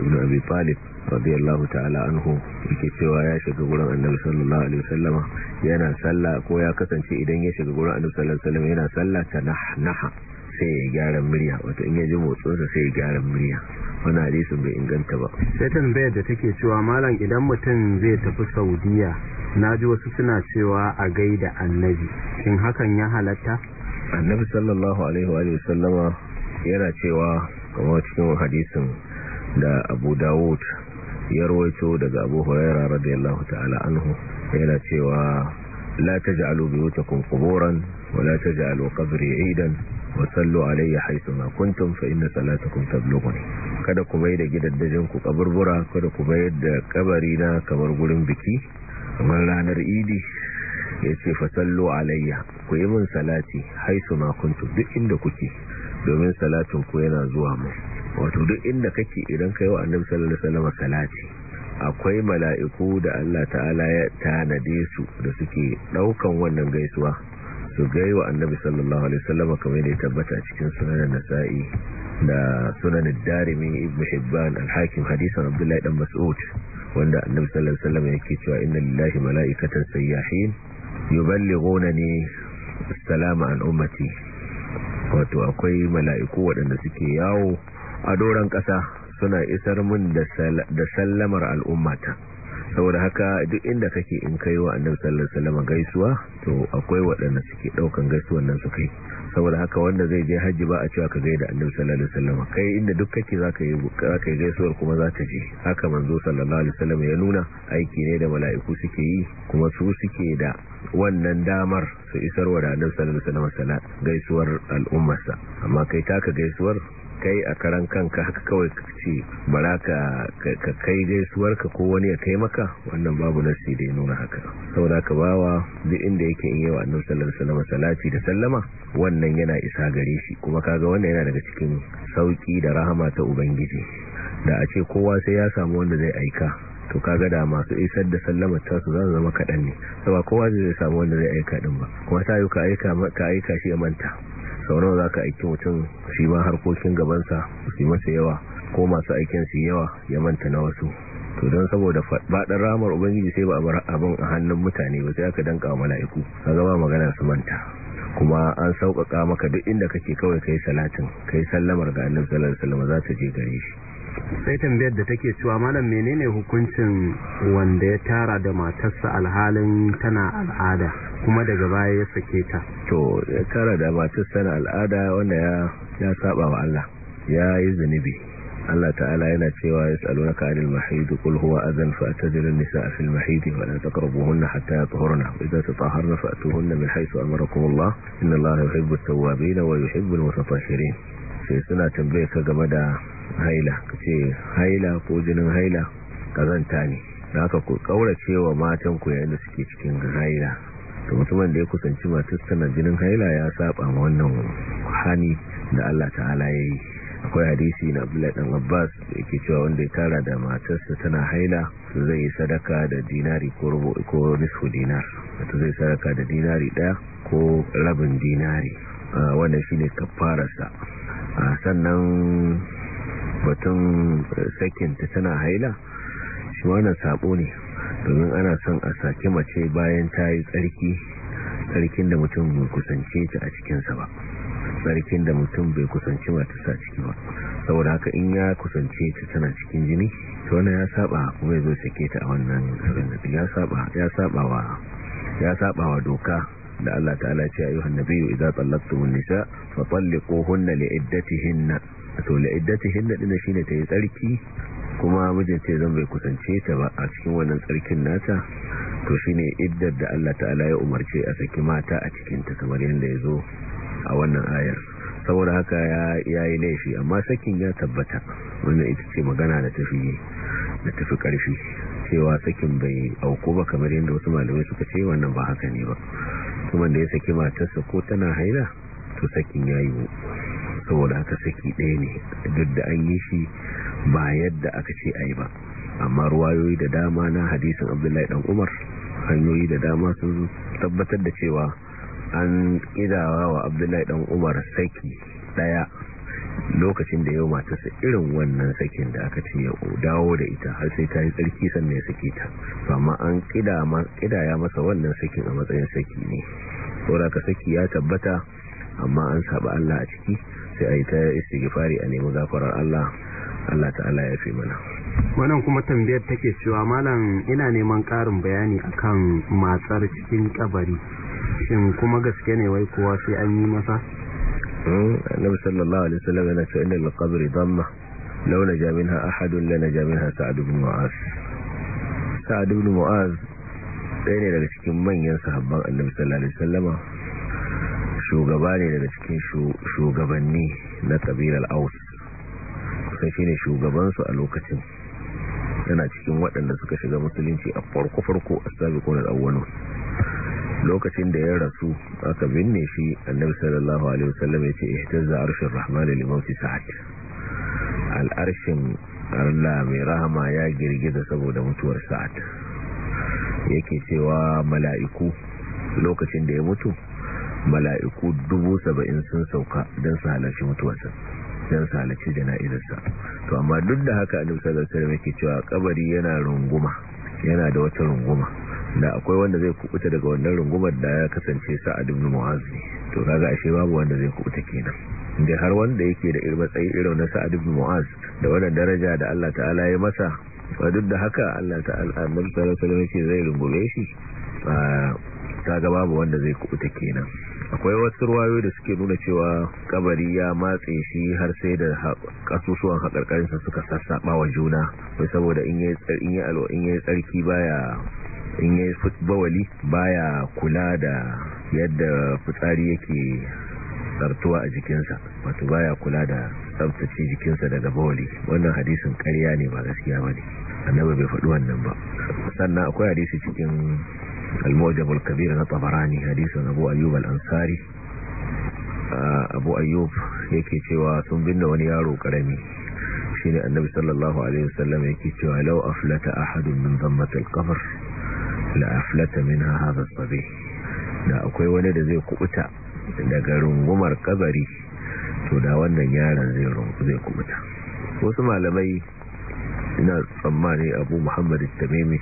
ibn abi talib radiyallahu ta'ala anhu yake cewa ya shiga gurin annabi sallallahu alaihi wasallama yana sallah ko ya kasance idan ya shiga gurin annabi sallallahu alaihi wasallama yana sallah ta nahnaha sai ya gyara murya wato in ya ji motsinsa sai ya gyara murya wani hadisin bai inganta ba sai tambayar da take cewa malam idan mutum zai tafi saudiya na ji wasu suna cewa a gaida annabi shin hakan ya halatta annabi sallallahu alaihi wa sallama yana cewa kamar cikin hadisin da abu dawud ya rawaito daga abu huraira radiyallahu ta'ala anhu yana cewa la taj'alu biyutakum quburan wa la taj'alu qabri 'idan wa alayya haythu ma kuntum fa inna salatakum tablughuni kada ku mai da gidaddajin ku kaburbura kada ku bai da kabari na kamar gurin biki kamar ranar idi yace fa sallu alayya ku yi min salati haythu ma kuntum duk inda kuke domin salatin ku yana zuwa mai wato duk inda kake idan kai wa annabi sallallahu alaihi salati akwai mala'iku da Allah ta'ala ya tanade su da suke daukan wannan gaisuwa su wa annabi sallallahu alaihi wasallam kamar da ya tabbata cikin sunan nasa'i da sunan darimi ibnu hibban al-hakim hadisan abdullahi dan mas'ud wanda annabi sallallahu alaihi wasallam yake cewa inna lillahi mala'ikatan sayyahin yuballighunani salama an ummati wato akwai mala'iku waɗanda suke yawo a doran ƙasa suna isar mun da sallamar al'ummata saboda haka duk inda kake in kai wa annabi sallallahu alaihi wasallam gaisuwa to akwai waɗanda suke daukan gaisuwan nan su kai saboda haka wanda zai je haji ba a cewa ka gaida annabi sallallahu alaihi wasallam kai inda duk kake zaka yi zaka yi gaisuwar kuma zaka je haka manzo sallallahu alaihi wasallam ya nuna aiki ne da mala'iku suke yi kuma su suke da wannan damar su isarwa da annabi sallallahu alaihi wasallam gaisuwar al'ummarsa amma kai taka gaisuwar kai a karan kanka haka kawai ka ce bara ka kai gaisuwarka ko wani ya kai maka wannan babu nasi da ya nuna haka sau saboda ka bawa duk inda yake in wa annabi sallallahu alaihi wasallam da sallama wannan yana isa gare shi kuma kaga wannan yana daga cikin sauki da rahama ta ubangiji da a ce kowa sai ya samu wanda zai aika to kaga da masu isar da sallama ta su zan zama kaɗan ne saba kowa zai samu wanda zai aika ɗin ba kuma ta yi ka aika ka aika shi ya manta sau nawa za ka aiki mutum shi ma harkokin gabansa su yi masa yawa ko masu aikin su yawa ya manta na wasu to don saboda faɗaɗar ramar ubangiji sai ba a bar abin a hannun mutane ba sai aka danka mala'iku ka gaba magana su manta kuma an sauƙaƙa maka duk inda kake kawai kai salatin kai sallamar ga annabi sallallahu alaihi za ta je gare shi sai tambayar da take cewa malam menene hukuncin wanda ya tara da matarsa alhalin tana al'ada kuma daga baya ya sake ta to ya tara da matarsa tana al'ada wanda ya ya saba wa Allah ya yi zunubi Allah ta'ala yana cewa yas'alunaka 'anil mahid qul huwa adhan fa'tazilu nisa nisaa fil mahid wa la taqrabuhunna hatta yatahharna wa idha tataharna fa'tuhunna min haythu amarakum Allah inna Allaha yuhibbu at-tawwabin wa yuhibbu al-mutatahhirin sai suna tambaye ka game da haila ka ce haila ko jinin haila kazanta ne da ka ku matan ku yayin da suke cikin haila to mutumin da ya kusanci matar tana jinin haila ya saba ma wannan hani da Allah ta'ala ya yi akwai hadisi na Abdullah dan Abbas da yake cewa wanda ya tara da matarsa tana haila zai yi sadaka da dinari ko rubu ko nisfu dinar to zai sadaka da dinari daya ko rabin dinari ah, wannan shine sa ah, sannan batun sakinta tana haila shi wannan sabo ne domin ana son a sake mace bayan ta yi tsarki tsarkin da mutum bai kusance ta a cikinsa ba tsarkin da mutum bai kusance matarsa a ciki ba saboda haka in ya kusance ta tana cikin jini to wannan ya saba kuma ya zo sake ta a wannan abin da ya saba wa ya saba wa doka da Allah ta'ala ce ayyuhan nabiyyu idza tallaqtumun nisa fa talliquhunna li iddatihinna to la'iddati hinna din shine ta yi tsarki kuma mijinta ya zan bai kusance ta ba a cikin wannan tsarkin nata to shine iddar da Allah ta'ala ya umarce a saki mata a cikin ta kamar yadda yazo a wannan ayar saboda haka ya yi laifi amma sakin ya tabbata wannan ita ce magana da tafi da tafi karfi cewa sakin bai auku ba kamar yadda wasu malamai suka ce wannan ba haka ne ba kuma da ya saki matarsa ko tana haila to sakin ya yiwu saboda haka saki ɗaya ne duk da an yi shi ba yadda aka ce a ba amma ruwayoyi da dama na hadisin abdullahi dan umar hanyoyi da dama sun tabbatar da cewa an idawa wa abdullahi ɗan umar saki ɗaya lokacin da yau matarsa irin wannan sakin da aka ce ya dawo da ita har sai ta yi tsarki sannan ya sake ta amma an ƙidaya masa wannan sakin a matsayin saki ne da ka saki ya tabbata amma an saba Allah a ciki sai a yi ta istighfari a nemi zafarar Allah Allah ta'ala ya fi mana wannan kuma tambayar take cewa malam ina neman ƙarin bayani akan matsar cikin kabari shin kuma gaske ne wai kowa sai an yi masa hmm, annabi sallallahu alaihi wasallam yana cewa inna al-qabr damma law naja minha ahad la naja minha sa'd ibn mu'az sa'd ibn mu'az ɗaya ne daga cikin manyan sahabban annabi sallallahu alaihi wasallama shugaba ne daga cikin shugabanni na kabilar aus kusan shi ne shugabansu a lokacin yana cikin waɗanda suka shiga musulunci a farko-farko a sabikonar awwalin lokacin da ya rasu aka binne shi annabi sallallahu alaihi wasallam ya ce ihtazza arshur rahman li mawti sa'ad al'arshin Allah mai rahama ya girgiza saboda mutuwar sa'ad yake cewa mala'iku lokacin da ya mutu mala'iku dubu saba'in sun sauka don su halarci mutuwarsa don su halarci jana'izarsa to amma duk da haka a sallallahu alaihi wasallam yake cewa kabari yana runguma yana da wata runguma da akwai wanda zai kubuta daga wannan rungumar da ya kasance sa'ad ibn mu'az to kaga ashe babu wanda zai kubuta kenan inda har wanda yake da irin matsayi irin na sa'adu ibn mu'az da wannan daraja da Allah ta'ala ya masa ba duk da haka Allah ta'ala annabi sallallahu alaihi wasallam yake zai rungume shi ah, ga babu wanda zai kubuta kenan akwai wasu ruwayoyi da suke nuna cewa kabari ya matse shi har sai da kasusuwan haƙarƙarinsa suka sassaɓa wa juna mai saboda in yi tsarki baya in yi bawali baya kula da yadda fitsari yake tsartuwa a jikinsa wato baya kula da tsabtace jikinsa daga bawali wannan hadisin karya ne ba gaskiya ba ne annabi bai faɗi wannan ba sannan akwai hadisi cikin al-mu'jam al-kabir na tabarani hadisin abu ayyub al-ansari abu ayyub yake cewa sun binne wani yaro karami shine annabi sallallahu alaihi wasallam yake cewa law aflata ahadun min dhammati al-qabr la aflata minha hadha as-sabi da akwai wani da zai kubuta daga rungumar kabari to da wannan yaron zai rungu zai kubuta wasu malamai ina tsammani abu muhammad tamimi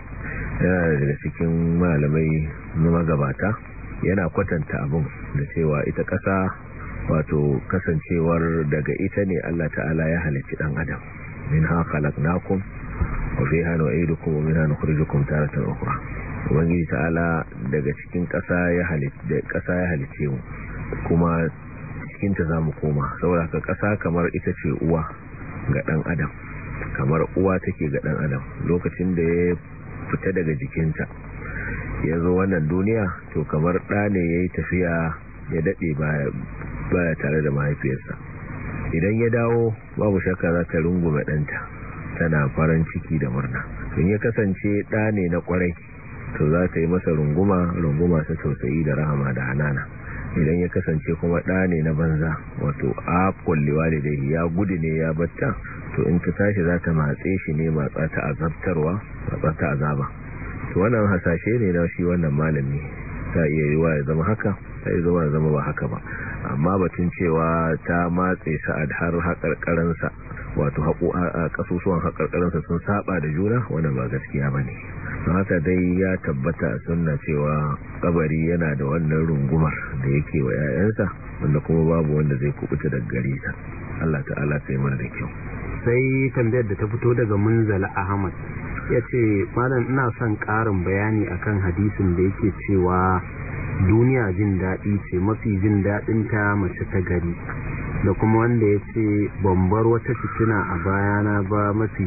yana daga cikin malamai na magabata yana kwatanta abin da cewa ita ƙasa wato kasancewar daga ita ne Allah ta'ala ya halicci dan adam min ha khalaqnakum wa fiha nu'idukum wa minha nukhrijukum taratan ukhra ubangiji ta'ala daga cikin ƙasa ya halitta ƙasa ya halicce mu kuma cikin ta zamu koma saboda ka ƙasa kamar ita ce uwa ga dan adam kamar uwa take ga dan adam lokacin da ya fita daga jikinta ya zo wannan duniya to kamar ɗa ne ya yi tafiya ya daɗe baya tare da mahaifiyarsa idan ya dawo babu shakka za ta rungume ɗanta tana farin ciki da murna in ya kasance ɗa ne na ƙwarai to za ta yi masa runguma runguma ta tausayi da rahama da hanana idan ya kasance kuma ɗa ne na banza wato a kwallewa da dai ya gudu ne ya batta to in ta tashi za ta matse shi ne matsa ta azabtarwa matsa ta azaba to wannan hasashe ne na shi wannan malami ta iya yi wa ya zama haka ta iya zama zama ba haka ba amma batun cewa ta matse sa'ad har haƙarƙaransa wato a kasusuwan haƙarƙarinsa sun saba da juna wanda ba gaskiya ba ne don haka dai ya tabbata a sunna cewa kabari yana da wannan rungumar da yake wa 'ya'yansa wanda kuma babu wanda zai kubuta daga gari ta allah ta'ala sai mana da kyau sai tambayar da ta fito daga munzala ahmad ya ce malam ina son ƙarin bayani akan hadisin da yake cewa duniya jin daɗi ce mafi jin daɗin ta mace ta gari da kuma wanda ya ce bambar wata fitina a bayana ba mafi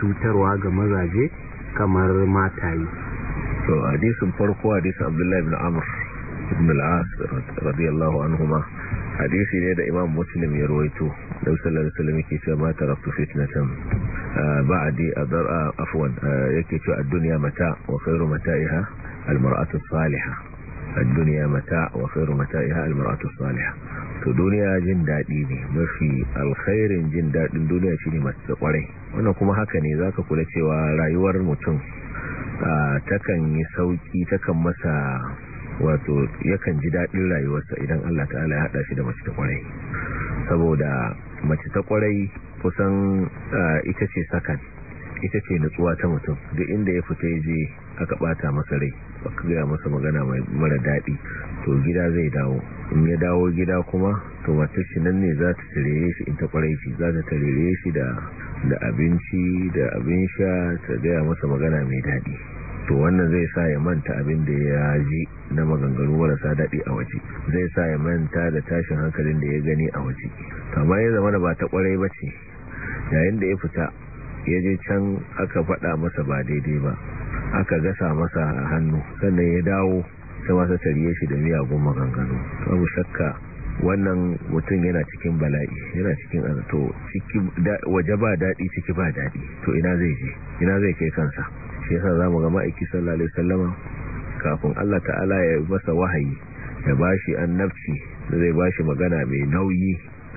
cutarwa ga mazaje kamar matayi to hadisin farko hadisin abdullahi ibn amur ibn al radiyallahu anhuma hadisi ne da imam muslim ya rawaito da sallallahu alaihi yake cewa ma taraktu fitnatan ba'di adra afwan yake cewa ad-dunya mata wa khayru mata'iha al-mar'atu as-salihah duniya dunya mata wa khairu mata'iha al-mar'atu salihah to duniya jin dadi ne mafi alkhairin jin dadin duniya shine mace kwarai wannan kuma haka ne zaka kula cewa rayuwar mutum takan yi sauki takan masa wato yakan ji dadin rayuwarsa idan Allah ta'ala ya hada shi da mace ta kwarai saboda mace ta kwarai kusan ita ce sakan ita ce natsuwa ta mutum duk inda ya fita ya je aka bata masa rai aka gaya masa magana mara daɗi to gida zai dawo in ya dawo gida kuma to matar shi nan ne za ta tarere shi in ta kwarai shi za ta tarere shi da abinci da abin sha ta gaya masa magana mai daɗi to wannan zai sa ya manta abin da ya ji na maganganu marasa daɗi a waje zai sa ya manta da tashin hankalin da ya gani a waje amma ya zama da ba ta kwarai ba ce yayin da ya fita ya je can aka faɗa masa ba daidai ba aka gasa masa a hannu sannan ya dawo sai masa tarye shi da miyagun maganganu abu shakka wannan mutum yana cikin bala'i yana cikin to waje ba daɗi ciki ba daɗi to ina zai je ina zai kai kansa shi yasa zamu ga ma'aiki sallallahu alaihi kafin Allah ta'ala ya masa wahayi ya bashi annabci zai ba shi magana mai nauyi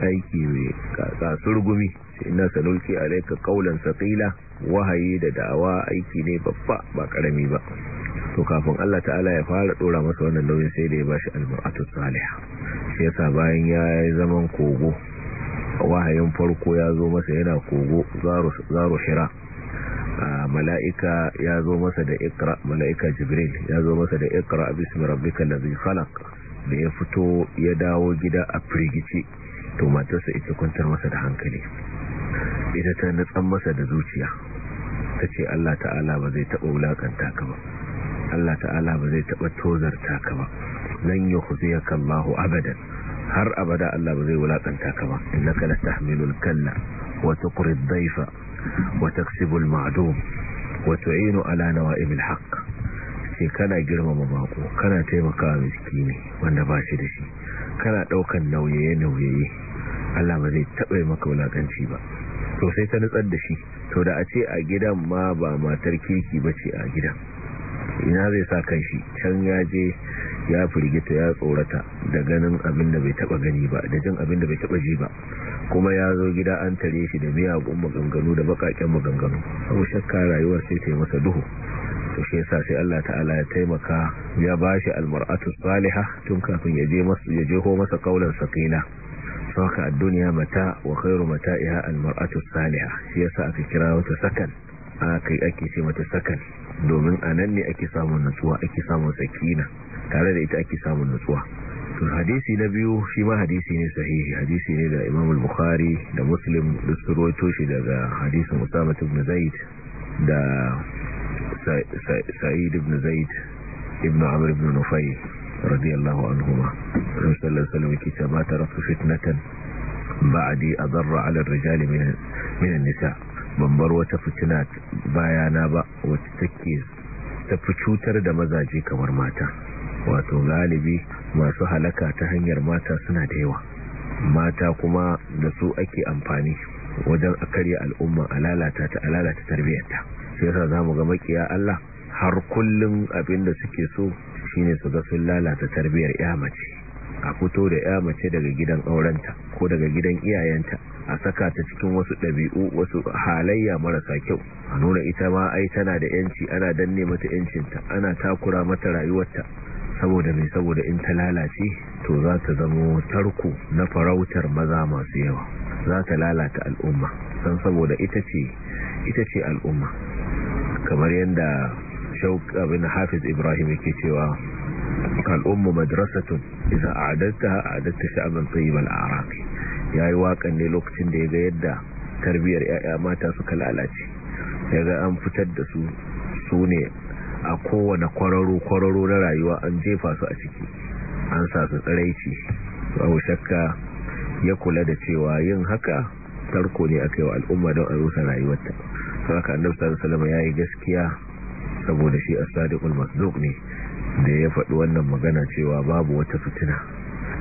aiki mai kasurgumi inna ina sanulki alayka qawlan saqila wahayi da da'awa aiki ne babba ba karami ba to kafin Allah ta'ala ya fara dora masa wannan nauyin sai da ya bashi al-mar'atu salihah sai yasa bayan ya yi zaman kogo wahayin farko ya zo masa yana kogo zaru hira mala'ika ya zo masa da ikra mala'ika jibril ya zo masa da ikra bismi rabbika allazi khalaq da ya fito ya dawo gida a firgice to matarsa ita kwantar masa da hankali ita ta nutsan masa da zuciya ta ce Allah ta'ala ba zai taɓa wulaƙanta ka ba Allah ta'ala ba zai taɓa tozarta ka ba lan yukhziyaka Allahu abadan har abada Allah ba zai wulaƙanta ka ba innaka latahmilul kalla wata tuqrid dayfa wata taksibul ma'dum wa tu'inu ala nawa'ibil haqq ce kana girmama bako kana taimaka miskini wanda ba shi da shi kana ɗaukan nauye nauye Allah ba zai taɓa maka wulaƙanci ba sosai ta nutsar da shi to da a ce a gidan ma ba matar kirki ba ce a gidan ina zai sa kan shi can ya je ya firgita ya tsorata da ganin abin da bai taba gani ba da jin abin da bai taba ji ba kuma ya zo gida an tare shi da miyagun maganganu da bakaken maganganu abu shakka rayuwar sai ta yi masa duhu to shi yasa sai Allah ta'ala ya taimaka ya ba shi almar'atu salihah tun kafin ya je masa jeho masa kaulan sakina anfaka ad-dunya mata wa khairu mata'iha al-mar'atu as shi yasa aka kira wata sakan aka ake ce mata sakan domin anan ne ake samun nutsuwa ake samun sakina tare da ita ake samun nutsuwa to hadisi na biyu shi ma hadisi ne sahihi hadisi ne da Imam al-Bukhari da Muslim da shi daga hadisin Usama ibn Zaid da Sa'id ibn Zaid ibn Amr ibn Nufayl radiyallahu anhuma rasul sallallahu alaihi wasallam ba taraktu fitnatan ba'di adarra 'ala ar-rijali min nisa ban bar wata fitina bayana ba wacce take tafi cutar da mazaje kamar mata wato galibi masu halaka ta hanyar mata suna da yawa mata kuma da su ake amfani wajen a karya al'umma a lalata ta a lalata tarbiyyarta sai yasa zamu ga makiya Allah har kullum abinda suke so ne su ga sun lalata tarbiyar ya mace a fito da ya mace daga gidan aurenta ko daga gidan iyayenta a saka ta cikin wasu ɗabi'u wasu halayya marasa kyau a nuna ita ma ai tana da yanci ana danne mata yancinta ana takura mata rayuwarta saboda mai saboda in ta lalace to za ta zamo tarko na farautar maza masu yawa za ta lalata al'umma san saboda ita ce al'umma kamar yadda shauk abin hafiz ibrahim yake cewa al'ummu madrasatun idan a'adatta a'adatta a tayyiban Ya yayi wakan ne lokacin da ya ga yadda tarbiyar yaya mata suka lalace yaga an fitar da su sune a kowane kwararo kwararo na rayuwa an jefa su a ciki an sa su tsiraici babu shakka ya kula da cewa yin haka tarko ne aka yi wa al'umma don a rusa rayuwarta saka annabta da salama ya yi gaskiya saboda shi as-sadiqul masduq ne da ya faɗi wannan magana cewa babu wata fitina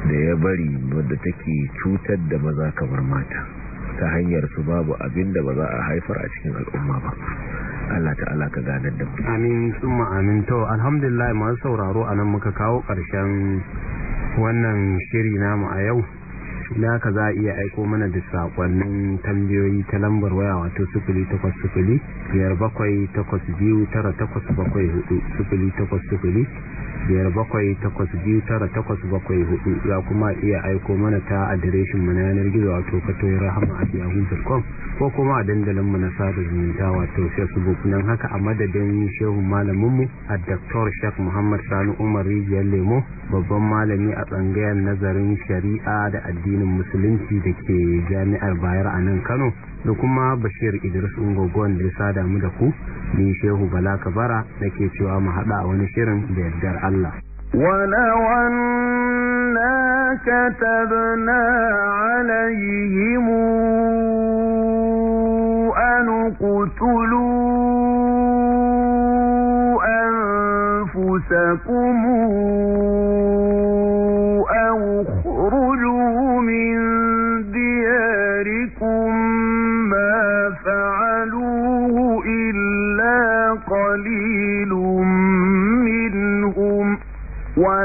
da ya bari wadda take cutar da maza kamar mata ta hanyar su babu abin da ba za a haifar a cikin al'umma ba Allah ta'ala ka gane da mu amin summa amin alhamdulillah masu sauraro anan muka kawo ƙarshen wannan shiri namu a yau na ka za a iya aiko mana da sakonnin tambayoyi ta lambar waya wato sufuli takwas sufuli biyar tara takwas bakwai hudu biyar bakwai takwas biyu tara takwas bakwai hudu za kuma iya aiko mana ta adireshin mu na yanar gizo a wato ya rahama a yahoo.com ko kuma a dandalin mu na sada zumunta wato facebook nan haka a madadin shehu malaminmu a dr shek muhammad sani umar rijiyar lemo babban malami a tsangayar nazarin shari'a da addinin musulunci da ke jami'ar bayar a nan kano da kuma bashir idris ungogon da ya sada mu da ku ni shehu bala kabara ke cewa mu hada wani shirin da yardar Allah ولو أنا كتبنا عليهم أن قتلوا أنفسكم